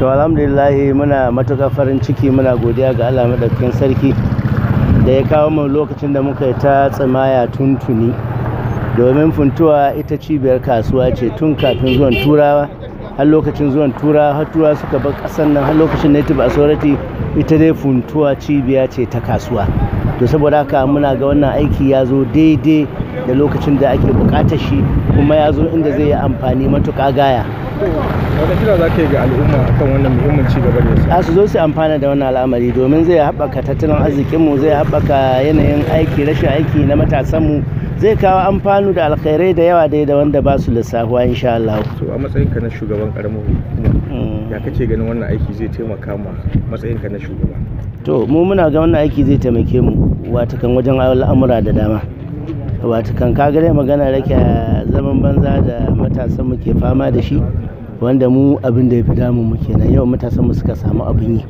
to alhamdulillahi muna matuƙar farin ciki muna godiya ga allah madaukakin sarki da ya kawo mu lokacin da muka yi ta tsamaya tuntuni domin funtuwa ita cibiyar kasuwa ce tun kafin zuwan turawa har lokacin zuwan turawa har turawa suka bar ƙasar nan har lokacin native authority ita dai funtuwa cibiya ce ta kasuwa to saboda haka muna ga wannan aiki ya zo daidai da lokacin da ake bukatar shi kuma ya zo inda zai yi amfani matuƙa gaya wani kira za ka yi ga al'umma akan wannan muhimmin ci gaba da a su zo su amfana da wannan al'amari domin zai haɓaka tattalin arzikinmu zai haɓaka yanayin aiki rashin aiki na matasanmu zai kawo amfanu da alkhairai da yawa dai da wanda ba su lissafuwa insha Allah. So a matsayinka na shugaban karamin hukuma ya mm. kace ganin wannan aiki zai taimaka ma matsayinka na shugaba. To mu muna ga wannan aiki zai taimake mu watakan wajen al'amura da dama. Watakan kaga dai magana rake zaman banza da matasan mu ke fama da shi. wanda mu abin da ya fi damun mu kenan yau matasan mu suka samu abin yi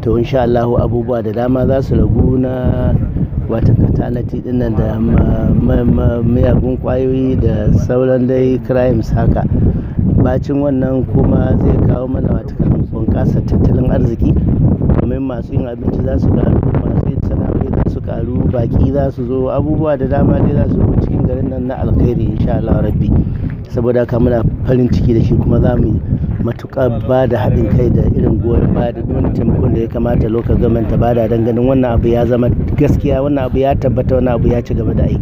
to insha Allah abubuwa da dama za su ragu na wata katanati dinnan da mayagun kwayoyi da sauran dai crimes haka bacin wannan kuma zai kawo mana wata bunƙasa tattalin arziki domin masu yin abinci za su karu masu yin sana'o'i za su karu baki za su zo abubuwa da dama dai za su cikin garin nan na alkhairi insha Allah rabbi saboda haka muna farin ciki da shi kuma za mu matuƙa ba da haɗin kai da irin goyon ba da wani taimakon da ya kamata lokacin gwamnati ta bada don ganin wannan abu ya zama gaskiya wannan abu ya tabbata wannan abu ya ci gaba da aiki